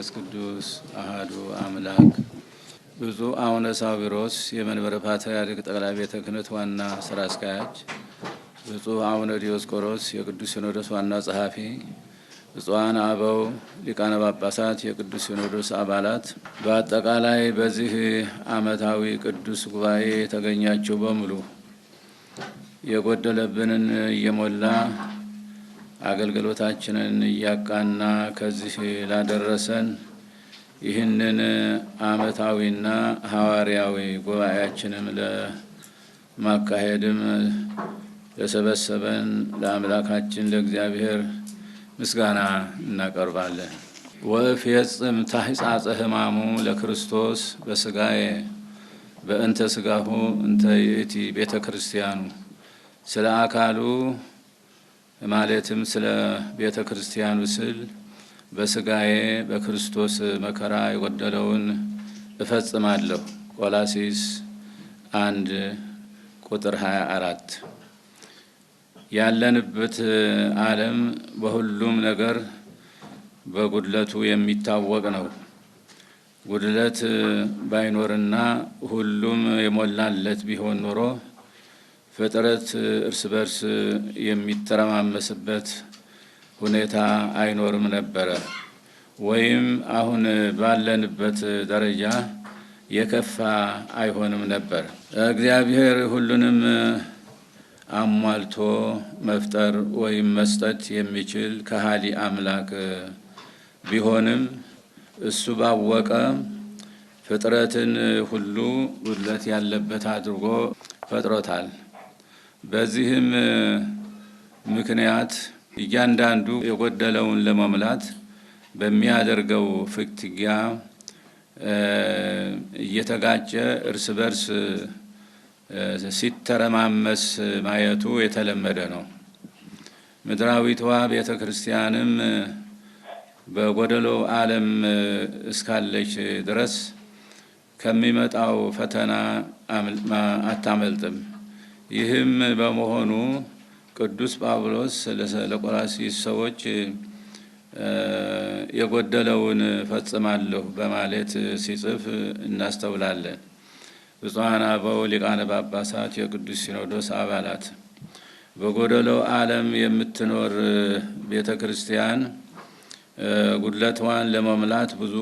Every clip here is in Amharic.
መንፈስ ቅዱስ አህዱ አምላክ። ብፁዕ አቡነ ሳዊሮስ የመንበረ ፓትርያርክ ጠቅላይ ቤተ ክህነት ዋና ስራ አስኪያጅ፣ ብፁዕ አቡነ ዲዮስቆሮስ የቅዱስ ሲኖዶስ ዋና ጸሐፊ፣ ብፁዓን አበው ሊቃነ ጳጳሳት የቅዱስ ሲኖዶስ አባላት፣ በአጠቃላይ በዚህ ዓመታዊ ቅዱስ ጉባኤ የተገኛችሁ በሙሉ የጎደለብንን እየሞላ አገልግሎታችንን እያቃና ከዚህ ላደረሰን ይህንን ዓመታዊና ሐዋርያዊ ጉባኤያችንም ለማካሄድም ለሰበሰበን ለአምላካችን ለእግዚአብሔር ምስጋና እናቀርባለን። ወፍ የጽም ታሕጻጸ ሕማሙ ለክርስቶስ በስጋዬ በእንተ ስጋሁ እንተ ይእቲ ቤተ ክርስቲያኑ ስለ አካሉ ማለትም ስለ ቤተ ክርስቲያን ስል በስጋዬ በክርስቶስ መከራ የጎደለውን እፈጽማለሁ። ቆላሲስ አንድ ቁጥር 24 ያለንበት ዓለም በሁሉም ነገር በጉድለቱ የሚታወቅ ነው። ጉድለት ባይኖርና ሁሉም የሞላለት ቢሆን ኖሮ ፍጥረት እርስ በርስ የሚተረማመስበት ሁኔታ አይኖርም ነበረ ወይም አሁን ባለንበት ደረጃ የከፋ አይሆንም ነበር። እግዚአብሔር ሁሉንም አሟልቶ መፍጠር ወይም መስጠት የሚችል ከሃሊ አምላክ ቢሆንም እሱ ባወቀ ፍጥረትን ሁሉ ጉድለት ያለበት አድርጎ ፈጥሮታል። በዚህም ምክንያት እያንዳንዱ የጎደለውን ለመሙላት በሚያደርገው ፍትጊያ እየተጋጨ እርስ በርስ ሲተረማመስ ማየቱ የተለመደ ነው። ምድራዊቷ ቤተ ክርስቲያንም በጎደሎ ዓለም እስካለች ድረስ ከሚመጣው ፈተና አታመልጥም። ይህም በመሆኑ ቅዱስ ጳውሎስ ለቆላሲስ ሰዎች የጎደለውን ፈጽማለሁ በማለት ሲጽፍ እናስተውላለን። ብፁዓን አበው ሊቃነ ጳጳሳት፣ የቅዱስ ሲኖዶስ አባላት፣ በጎደለው ዓለም የምትኖር ቤተ ክርስቲያን ጉድለቷን ለመሙላት ብዙ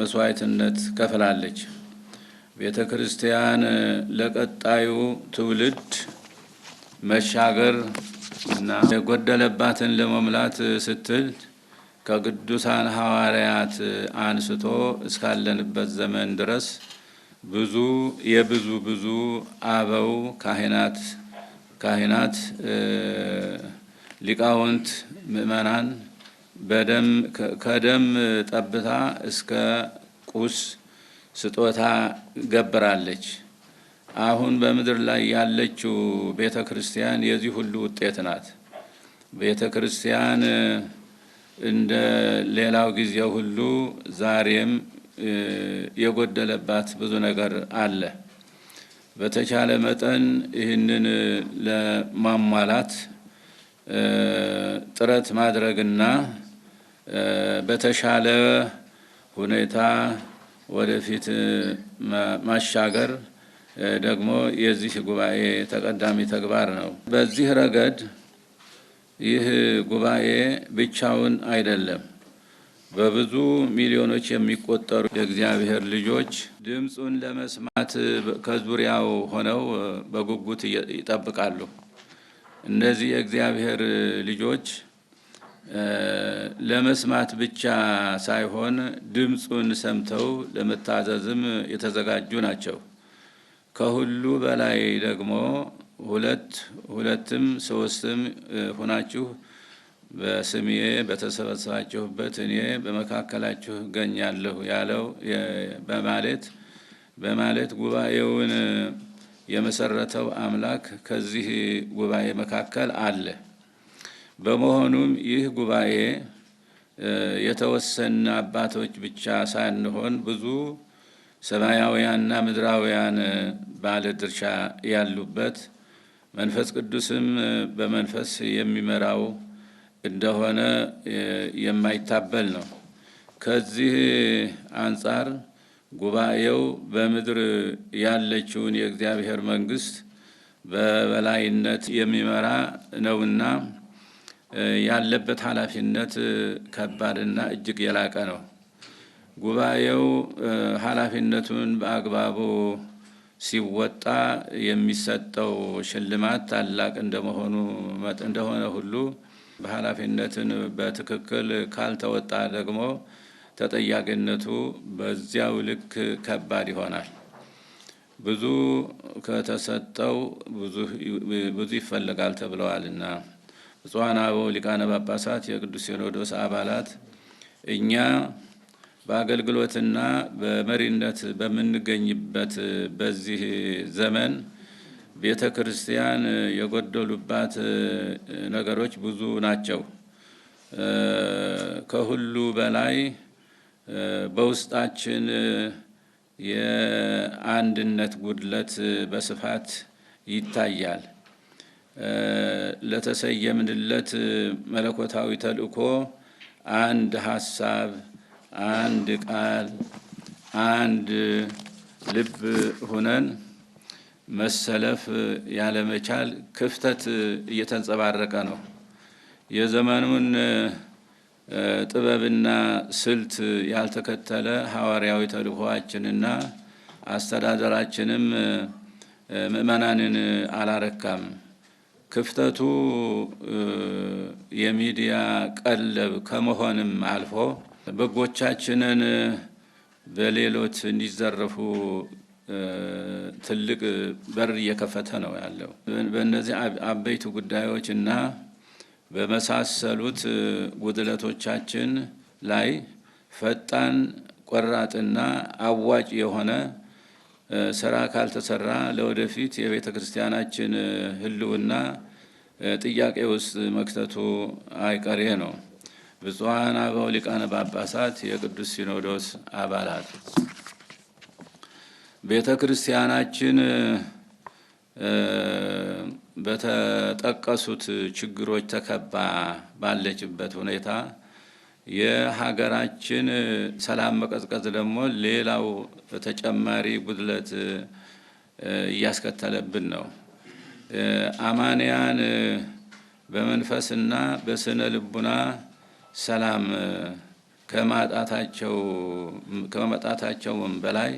መስዋዕትነት ከፍላለች። ቤተ ክርስቲያን ለቀጣዩ ትውልድ መሻገር እና የጎደለባትን ለመሙላት ስትል ከቅዱሳን ሐዋርያት አንስቶ እስካለንበት ዘመን ድረስ ብዙ የብዙ ብዙ አበው ካህናት ካህናት ሊቃውንት ምእመናን በደም ከደም ጠብታ እስከ ቁስ ስጦታ ገብራለች። አሁን በምድር ላይ ያለችው ቤተ ክርስቲያን የዚህ ሁሉ ውጤት ናት። ቤተ ክርስቲያን እንደ ሌላው ጊዜ ሁሉ ዛሬም የጎደለባት ብዙ ነገር አለ። በተቻለ መጠን ይህንን ለማሟላት ጥረት ማድረግና በተሻለ ሁኔታ ወደፊት ማሻገር ደግሞ የዚህ ጉባኤ ተቀዳሚ ተግባር ነው። በዚህ ረገድ ይህ ጉባኤ ብቻውን አይደለም። በብዙ ሚሊዮኖች የሚቆጠሩ የእግዚአብሔር ልጆች ድምፁን ለመስማት ከዙሪያው ሆነው በጉጉት ይጠብቃሉ። እነዚህ የእግዚአብሔር ልጆች ለመስማት ብቻ ሳይሆን ድምፁን ሰምተው ለመታዘዝም የተዘጋጁ ናቸው። ከሁሉ በላይ ደግሞ ሁለት ሁለትም ሶስትም ሆናችሁ በስሜ በተሰበሰባችሁበት እኔ በመካከላችሁ እገኛለሁ ያለው በማለት በማለት ጉባኤውን የመሰረተው አምላክ ከዚህ ጉባኤ መካከል አለ። በመሆኑም ይህ ጉባኤ የተወሰነ አባቶች ብቻ ሳንሆን ብዙ ሰማያውያንና ምድራውያን ባለ ድርሻ ያሉበት መንፈስ ቅዱስም በመንፈስ የሚመራው እንደሆነ የማይታበል ነው። ከዚህ አንጻር ጉባኤው በምድር ያለችውን የእግዚአብሔር መንግስት በበላይነት የሚመራ ነውና ያለበት ኃላፊነት ከባድና እጅግ የላቀ ነው። ጉባኤው ኃላፊነቱን በአግባቡ ሲወጣ የሚሰጠው ሽልማት ታላቅ እንደመሆኑ እንደሆነ ሁሉ በኃላፊነትን በትክክል ካልተወጣ ደግሞ ተጠያቂነቱ በዚያው ልክ ከባድ ይሆናል። ብዙ ከተሰጠው ብዙ ይፈልጋል ተብለዋልና ብፁዓን አበው ሊቃነ ጳጳሳት፣ የቅዱስ ሲኖዶስ አባላት፣ እኛ በአገልግሎትና በመሪነት በምንገኝበት በዚህ ዘመን ቤተ ክርስቲያን የጎደሉባት ነገሮች ብዙ ናቸው። ከሁሉ በላይ በውስጣችን የአንድነት ጉድለት በስፋት ይታያል። ለተሰየምንለት መለኮታዊ ተልእኮ አንድ ሀሳብ፣ አንድ ቃል፣ አንድ ልብ ሁነን መሰለፍ ያለመቻል ክፍተት እየተንጸባረቀ ነው። የዘመኑን ጥበብና ስልት ያልተከተለ ሐዋርያዊ ተልእኮአችንና አስተዳደራችንም ምእመናንን አላረካም። ክፍተቱ የሚዲያ ቀለብ ከመሆንም አልፎ በጎቻችንን በሌሎች እንዲዘረፉ ትልቅ በር እየከፈተ ነው ያለው። በእነዚህ አበይት ጉዳዮች እና በመሳሰሉት ጉድለቶቻችን ላይ ፈጣን ቆራጥና አዋጭ የሆነ ስራ ካልተሰራ ለወደፊት የቤተ ክርስቲያናችን ህልውና ጥያቄ ውስጥ መክተቱ አይቀሬ ነው። ብፁዓን አበው ሊቃነ ጳጳሳት፣ የቅዱስ ሲኖዶስ አባላት፣ ቤተ ክርስቲያናችን በተጠቀሱት ችግሮች ተከባ ባለችበት ሁኔታ የሀገራችን ሰላም መቀዝቀዝ ደግሞ ሌላው ተጨማሪ ጉድለት እያስከተለብን ነው። አማንያን በመንፈስና በስነ ልቡና ሰላም ከመጣታቸው በላይ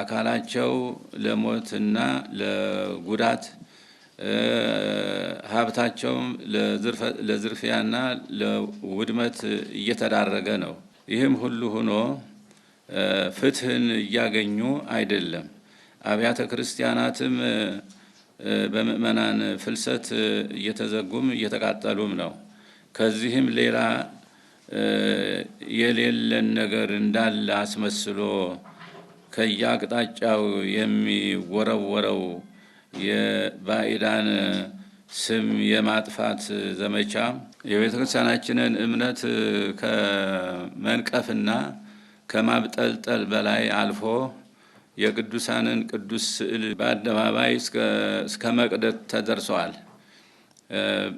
አካላቸው ለሞትና ለጉዳት ሀብታቸውም ለዝርፊያና ለውድመት እየተዳረገ ነው። ይህም ሁሉ ሆኖ ፍትህን እያገኙ አይደለም። አብያተ ክርስቲያናትም በምእመናን ፍልሰት እየተዘጉም እየተቃጠሉም ነው። ከዚህም ሌላ የሌለን ነገር እንዳለ አስመስሎ ከየአቅጣጫው የሚወረወረው የባዕዳን ስም የማጥፋት ዘመቻ የቤተ ክርስቲያናችንን እምነት ከመንቀፍና ከማብጠልጠል በላይ አልፎ የቅዱሳንን ቅዱስ ስዕል በአደባባይ እስከ መቅደት ተደርሰዋል።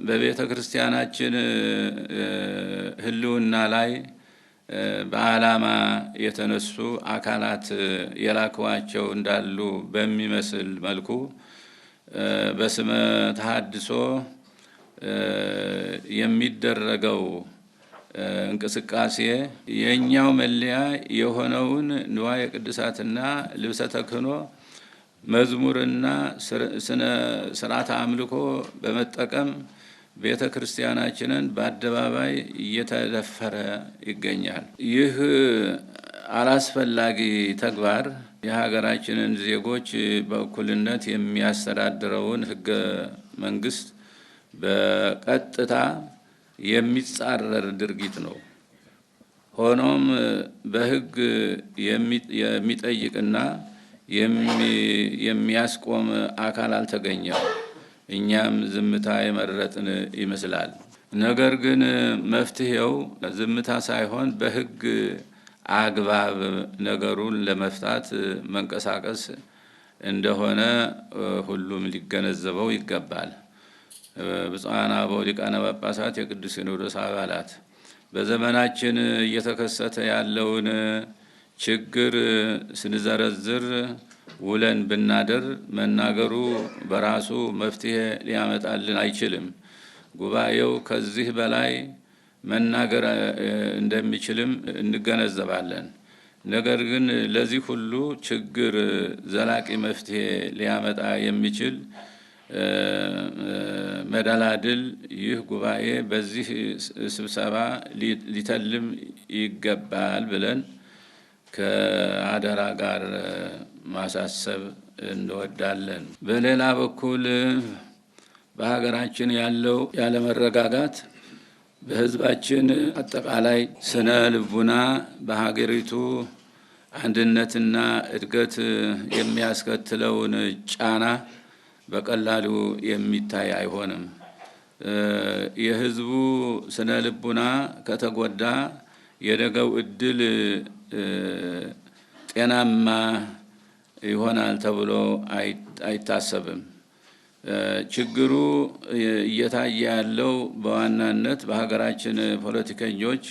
በቤተ ክርስቲያናችን ሕልውና ላይ በዓላማ የተነሱ አካላት የላክዋቸው እንዳሉ በሚመስል መልኩ በስመ ተሐድሶ የሚደረገው እንቅስቃሴ የእኛው መለያ የሆነውን ንዋየ ቅድሳትና ልብሰ ተክህኖ መዝሙርና ስነ ስርዓተ አምልኮ በመጠቀም ቤተ ክርስቲያናችንን በአደባባይ እየተደፈረ ይገኛል። ይህ አላስፈላጊ ተግባር የሀገራችንን ዜጎች በእኩልነት የሚያስተዳድረውን ህገ መንግስት በቀጥታ የሚጻረር ድርጊት ነው። ሆኖም በህግ የሚጠይቅና የሚያስቆም አካል አልተገኘም። እኛም ዝምታ የመረጥን ይመስላል። ነገር ግን መፍትሄው ዝምታ ሳይሆን በህግ አግባብ ነገሩን ለመፍታት መንቀሳቀስ እንደሆነ ሁሉም ሊገነዘበው ይገባል። ብፁዓን አበው ሊቃነ ጳጳሳት የቅዱስ ሲኖዶስ አባላት በዘመናችን እየተከሰተ ያለውን ችግር ስንዘረዝር ውለን ብናደር መናገሩ በራሱ መፍትሄ ሊያመጣልን አይችልም። ጉባኤው ከዚህ በላይ መናገር እንደሚችልም እንገነዘባለን። ነገር ግን ለዚህ ሁሉ ችግር ዘላቂ መፍትሄ ሊያመጣ የሚችል መደላድል ይህ ጉባኤ በዚህ ስብሰባ ሊተልም ይገባል ብለን ከአደራ ጋር ማሳሰብ እንወዳለን። በሌላ በኩል በሀገራችን ያለው ያለመረጋጋት በህዝባችን አጠቃላይ ስነ ልቡና በሀገሪቱ አንድነትና እድገት የሚያስከትለውን ጫና በቀላሉ የሚታይ አይሆንም። የህዝቡ ስነ ልቡና ከተጎዳ የነገው እድል ጤናማ ይሆናል ተብሎ አይታሰብም። ችግሩ እየታየ ያለው በዋናነት በሀገራችን ፖለቲከኞች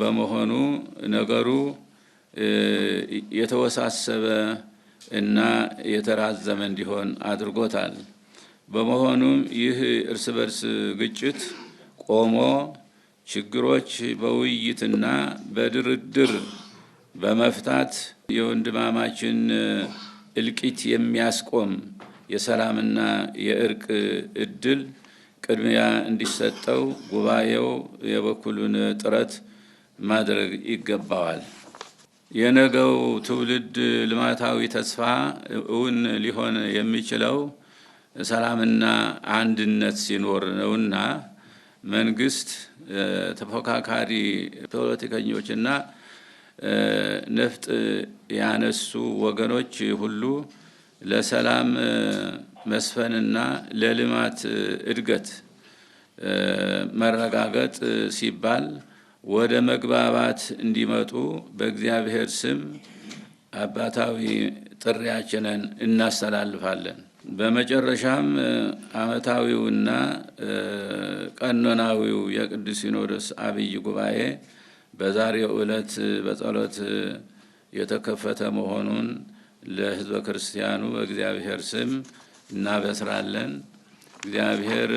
በመሆኑ ነገሩ የተወሳሰበ እና የተራዘመ እንዲሆን አድርጎታል። በመሆኑም ይህ እርስ በርስ ግጭት ቆሞ ችግሮች በውይይትና በድርድር በመፍታት የወንድማማችን እልቂት የሚያስቆም የሰላምና የእርቅ እድል ቅድሚያ እንዲሰጠው ጉባኤው የበኩሉን ጥረት ማድረግ ይገባዋል። የነገው ትውልድ ልማታዊ ተስፋ እውን ሊሆን የሚችለው ሰላምና አንድነት ሲኖር ነውና መንግስት ተፎካካሪ ፖለቲከኞችና ነፍጥ ያነሱ ወገኖች ሁሉ ለሰላም መስፈንና ለልማት እድገት መረጋገጥ ሲባል ወደ መግባባት እንዲመጡ በእግዚአብሔር ስም አባታዊ ጥሪያችንን እናስተላልፋለን። በመጨረሻም ዓመታዊውና ቀኖናዊው የቅዱስ ሲኖዶስ አብይ ጉባኤ በዛሬው ዕለት በጸሎት የተከፈተ መሆኑን ለህዝበ ክርስቲያኑ በእግዚአብሔር ስም እናበስራለን። እግዚአብሔር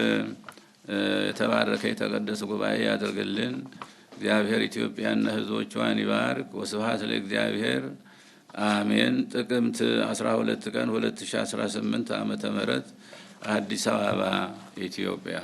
የተባረከ የተቀደሰ ጉባኤ ያደርግልን። እግዚአብሔር ኢትዮጵያና ህዝቦቿን ይባርክ። ወስብሐት ለእግዚአብሔር አሜን። ጥቅምት 12 ቀን 2018 ዓመተ ምህረት አዲስ አበባ ኢትዮጵያ